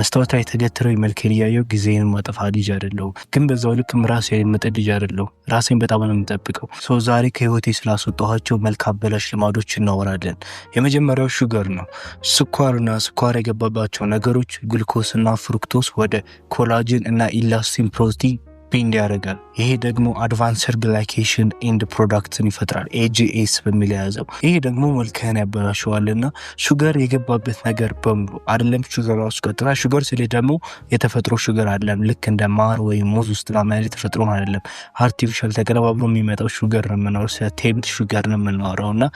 መስታወት ላይ ተገትረው መልኬን እያየው ጊዜን ማጠፋ ልጅ አይደለሁም፣ ግን በዛው ልክም ራሴ የምጥል ልጅ አይደለሁም። ራሴን በጣም ነው የምጠብቀው። ሰው ዛሬ ከህይወቴ ስላስወጣኋቸው መልክ አበላሽ ልማዶች እናወራለን። የመጀመሪያው ሹገር ነው። ስኳርና ስኳር የገባባቸው ነገሮች ግልኮስና ፍሩክቶስ ወደ ኮላጅን እና ኢላስቲን ፕሮቲን ሰስፔንድ ያደርጋል። ይሄ ደግሞ አድቫንስድ ግላይኬሽን ኤንድ ፕሮዳክትን ይፈጥራል ኤጂኤስ በሚል የያዘው። ይሄ ደግሞ መልክህን ያበላሸዋል እና ሹገር የገባበት ነገር በሙሉ አይደለም ሹገር ውስጥ ቀጥታ ሹገር ስሌ ደግሞ የተፈጥሮ ሹገር አይደለም። ልክ እንደ ማር ወይም ሙዝ ውስጥ ላማያል የተፈጥሮ አይደለም። አርቲፊሻል ተቀነባብሮ የሚመጣው ሹገር ነው የምናወራው፣ ስለ ቴምት ሹገር ነው የምናወራው እና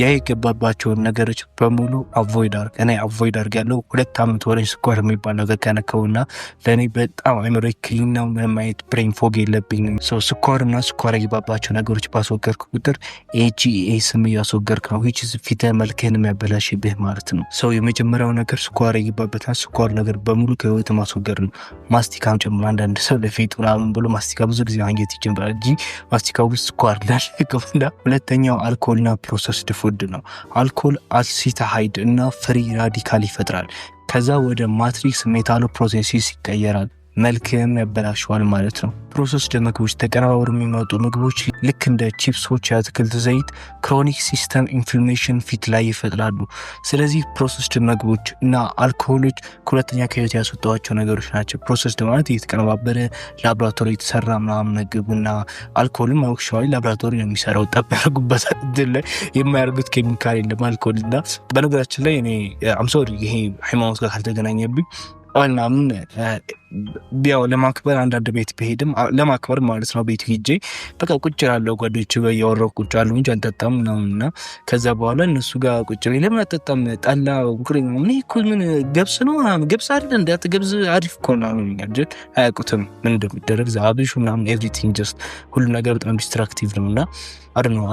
ያ የገባባቸውን ነገሮች በሙሉ አቮይድ አርግ እኔ አቮይድ አርግ ያለው ሁለት ዓመት ወረኝ ስኳር የሚባል ነገር ከነከው እና ለእኔ በጣም አይምሮ ክሊን ነው ምንም አይነት ብሬን የለብኝም፣ ፎግ የለብኝም። ሰው ስኳር እና ስኳር የገባባቸው ነገሮች ባስወገርክ ቁጥር ኤጂኤ ስም እያስወገርክ ነው። ዊች ፊተ መልክህን የሚያበላሽብህ ማለት ነው። ሰው የመጀመሪያው ነገር ስኳር የገባበትና ስኳር ነገር በሙሉ ከህይወት ማስወገር ነው። ማስቲካም ጭምር አንዳንድ ሰው ለፌጥ ምናምን ብሎ ማስቲካ ብዙ ጊዜ ማግኘት ይጀምራል እንጂ ማስቲካ ውስጥ ስኳር እንዳለ። ሁለተኛው አልኮልና ፕሮሰስድ ፉድ ነው። አልኮል አሲታሃይድ እና ፍሪ ራዲካል ይፈጥራል። ከዛ ወደ ማትሪክስ ሜታሎ ፕሮሴሲስ ይቀየራል። መልክህም ያበላሸዋል ማለት ነው። ፕሮሰስድ ምግቦች ተቀነባብረው የሚመጡ ምግቦች ልክ እንደ ቺፕሶች፣ የአትክልት ዘይት ክሮኒክ ሲስተም ኢንፍላሜሽን ፊት ላይ ይፈጥራሉ። ስለዚህ ፕሮሰስድ ምግቦች እና አልኮሆሎች ሁለተኛ ከህይወት ያስወጣዋቸው ነገሮች ናቸው። ፕሮሰስድ ማለት የተቀነባበረ ላብራቶሪ የተሰራ ምናምን ምግብ እና አልኮሆልም አክቹዋሊ ላብራቶሪ ነው የሚሰራው። ጠብ ያደርጉበት ድል ላይ የማያደርጉት ኬሚካል የለም አልኮል እና በነገራችን ላይ እኔ አምሶሪ ይሄ ሃይማኖት ጋር ካልተገናኘብኝ ዋና ምን ያው ለማክበር አንዳንድ ቤት ብሄድም ለማክበር ማለት ነው ቤት ሄጄ በቃ ቁጭ ላለው ጓዶች እያወራሁ ቁጭ አሉ እንጂ አልጠጣም ምናምን እና ከዛ በኋላ እነሱ ጋር ቁጭ ለምን አልጠጣም ጠላ ቁሪ ምን እኮ ምን ገብስ ነው ምናምን ገብስ አለ እንዳት ገብስ አሪፍ እኮ ምናምን የሚያል አያውቁትም ምን እንደሚደረግ ዛብሹ ምናምን ኤቭሪቲንግ ጀስት ሁሉ ነገር በጣም ዲስትራክቲቭ ነው እና አድ ነው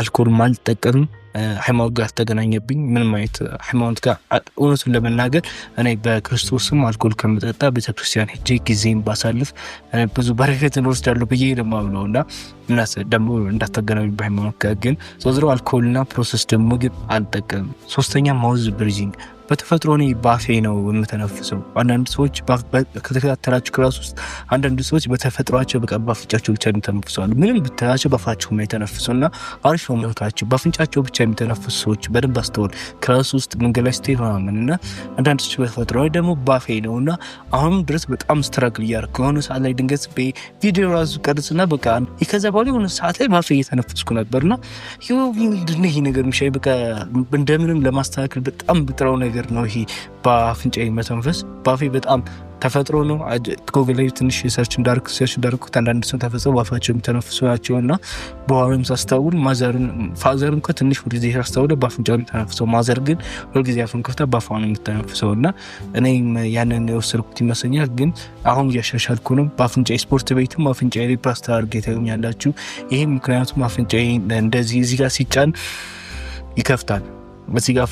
አልኮል አልጠቀምም ሃይማኖት ጋር ተገናኘብኝ። ምንም አይነት ሃይማኖት ጋር እውነቱን ለመናገር እኔ በክርስቶስም አልኮል ከምጠጣ ቤተክርስቲያን ሄጄ ጊዜም ባሳልፍ ብዙ በረከትን ወስዳለሁ ብዬ ለማምነው እና እናት ደግሞ እንዳታገናኙ በሃይማኖት ጋር ግን ዘዝሮ አልኮልና ፕሮሰስ ደግሞ ምግብ አልጠቀምም። ሶስተኛ ማውዝ ብሪዚንግ በተፈጥሮ እኔ ባፌ ነው የምተነፍሰው። አንዳንድ ሰዎች ከተከታተላቸው ክላስ ውስጥ አንዳንድ ሰዎች በተፈጥሯቸው በቃ ባፍንጫቸው ብቻ የሚተነፍሰዋሉ። ምንም ብታያቸው በአፋቸው የተነፍሰው እና አሪፍ ነው የሚወታቸው በአፍንጫቸው ብቻ የሚተነፍሱ ሰዎች በደንብ አስተውል። ክላስ ውስጥ መንገድ ላይ ስትሄድ ምናምን እና አንዳንድ ሰዎች በተፈጥሮ ደግሞ ባፌ ነው እና አሁንም ድረስ በጣም ስትራግል እያደረኩ የሆነ ሰዓት ላይ ድንገት ቪዲዮ ራሱ ቀርጽ ቀርጽና በቃ ከዛ በኋላ የሆነ ሰዓት ላይ ባፌ እየተነፍስኩ ነበር ነበርና ይህ ነገር ሚሻ በቃ እንደምንም ለማስተካከል በጣም ብጥረው ነገር ነገር ነው ይሄ በአፍንጫ መተንፈስ። በአፌ በጣም ተፈጥሮ ነው። ጎግል ላይ ትንሽ ሰርች እንዳርክ ሰርች እንዳርኩ አንዳንድ ሰው ተፈጽሞ ባፋቸው የሚተነፍሱ ናቸው እና በኋላም ሳስታውል ማዘርን ፋዘር እንኳ ትንሽ ሁልጊዜ ሳስታውለ በአፍንጫ የሚተነፍሰው ማዘር ግን ሁልጊዜ አፍን ከፍታ በአፏ ነው የምተነፍሰው እና እኔም ያንን የወሰድኩት ይመስለኛል። ግን አሁን እያሻሻልኩ ነው። በአፍንጫ ስፖርት ቤትም አፍንጫ ላይ ፕላስተር አድርጌ ታገኛላችሁ። ይህም ምክንያቱም አፍንጫ እንደዚህ እዚህ ጋር ሲጫን ይከፍታል። እዚህ ጋር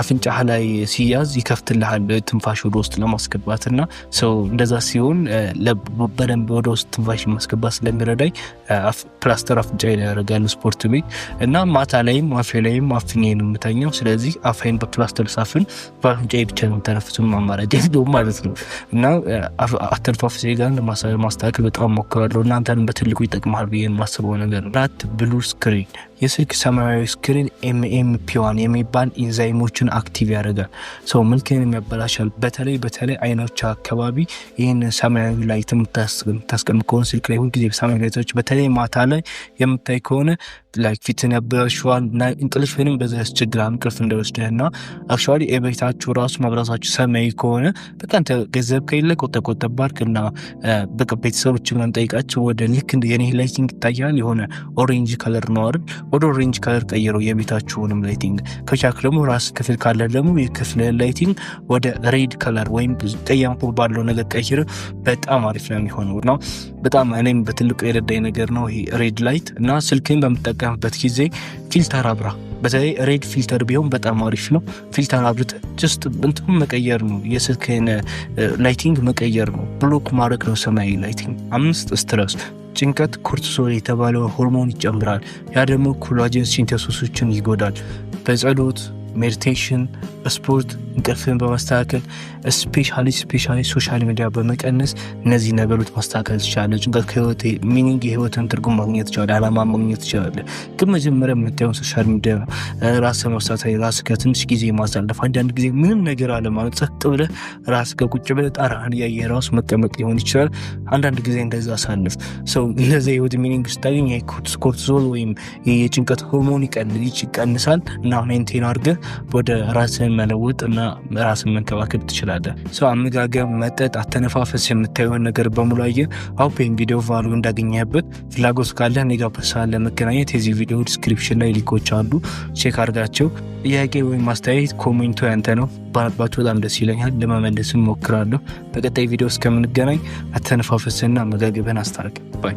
አፍንጫህ ላይ ሲያዝ ይከፍትልሃል ትንፋሽ ወደ ውስጥ ለማስገባት እና ሰው እንደዛ ሲሆን በደንብ ወደ ውስጥ ትንፋሽ ማስገባት ስለሚረዳኝ ፕላስተር አፍንጫ ላይ ያደርጋሉ ስፖርት ቤት እና ማታ ላይም አፌ ላይም አፍኛ ነው የምተኛው። ስለዚህ አፋይን በፕላስተር ሳፍን በአፍንጫ ብቻ ነው የምተነፍሱን አማራጭ የለውም ማለት ነው እና አተንፋፍ ዜጋን ለማስተካከል በጣም ሞክራለሁ። እናንተንም በትልቁ ይጠቅማል ብዬ የማስበው ነገር ራት ብሉ ስክሪን የስልክ ሰማያዊ ስክሪን ኤምፒዋን የሚባል ኢንዛይሞችን አክቲቭ ያደርጋል። ሰው መልክህን ያበላሻል። በተለይ በተለይ አይኖች አካባቢ ይህን ሰማያዊ ላይት የምታስቀምጥ ከሆነ ስልክ ላይ ሁልጊዜ ሰማያዊ ላይቶች በተለይ ማታ ላይ የምታይ ከሆነ ላይክ ፊት ነበረሽዋል እና እንቅልፍንም በዛ ያስቸግራል። እንቅልፍ እንደወስደህ እና አክቹዋሊ ቤታችሁ ራሱ መብራታችሁ ሰማያዊ ከሆነ በጣም ገንዘብ ከሌለ ቆጠቆጠ ባርክ እና በቃ ቤተሰቦች ምናምን ጠይቃቸው ወደ ልክ እንደ የኔ ላይቲንግ ይታያል የሆነ ኦሬንጅ ከለር ነው አይደል? ወደ ኦሬንጅ ከለር ቀይረው የቤታችሁንም ላይቲንግ ከቻክ ደግሞ ራስ ክፍል ካለ ደግሞ የክፍል ላይቲንግ ወደ ሬድ ከለር ወይም ቀያምፖ ባለው ነገር ቀይር። በጣም አሪፍ ነው የሚሆነው እና በጣም እኔም በትልቁ የረዳኝ ነገር ነው ይሄ ሬድ ላይት እና ስልክን በምጠቀ በምትጠቀምበት ጊዜ ፊልተር አብራ በተለይ ሬድ ፊልተር ቢሆን በጣም አሪፍ ነው። ፊልተር አብርት ጀስት እንትም መቀየር ነው፣ የስልክህን ላይቲንግ መቀየር ነው፣ ብሎክ ማድረግ ነው ሰማያዊ ላይቲንግ። አምስት ስትረስ ጭንቀት ኮርቲሶል የተባለው ሆርሞን ይጨምራል። ያ ደግሞ ኮላጅን ሲንተሶሶችን ይጎዳል። በጸሎት ሜዲቴሽን፣ ስፖርት እንቅልፍን በማስተካከል ስፔሻሊ ስፔሻሊ ሶሻል ሚዲያ በመቀነስ እነዚህ ነገሮች ማስተካከል ትችላለ። ጭንቀት ከህይወት ሚኒንግ የህይወትን ትርጉም ማግኘት ትችላለህ፣ አላማ ማግኘት ትችላለህ። ግን መጀመሪያ የምታየውን ሶሻል ሚዲያ ራስ ማሳሳይ፣ ራስ ከትንሽ ጊዜ ማሳለፍ፣ አንዳንድ ጊዜ ምንም ነገር አለማለት፣ ጸጥ ብለ ራስ ከቁጭ ብለ ጣራህን ያየ ራሱ መቀመጥ ሊሆን ይችላል። አንዳንድ ጊዜ እንደዛ አሳልፍ። ሰው እንደዚ ህይወት ሚኒንግ ስታገኝ ኮርቲዞል ወይም የጭንቀት ሆርሞን ይቀንሳል እና ሜንቴን አድርገህ ወደ ራስህን መለወጥ እና ራስን መንከባከብ ትችላለህ። ሰው አመጋገብ፣ መጠጥ፣ አተነፋፈስ የምታየውን ነገር በሙሉ አየህ። አውፔን ቪዲዮ ቫሉ እንዳገኘበት ፍላጎት ካለ ኔጋ ጋር ለመገናኘት የዚህ ቪዲዮ ዲስክሪፕሽን ላይ ሊኮች አሉ፣ ቼክ አድርጋቸው። ጥያቄ ወይም ማስተያየት ኮሜንቶ ያንተ ነው። ባነባችሁ በጣም ደስ ይለኛል፣ ለመመለስም ሞክራለሁ። በቀጣይ ቪዲዮ እስከምንገናኝ አተነፋፈስና አመጋገብን አስታርቅ ባይ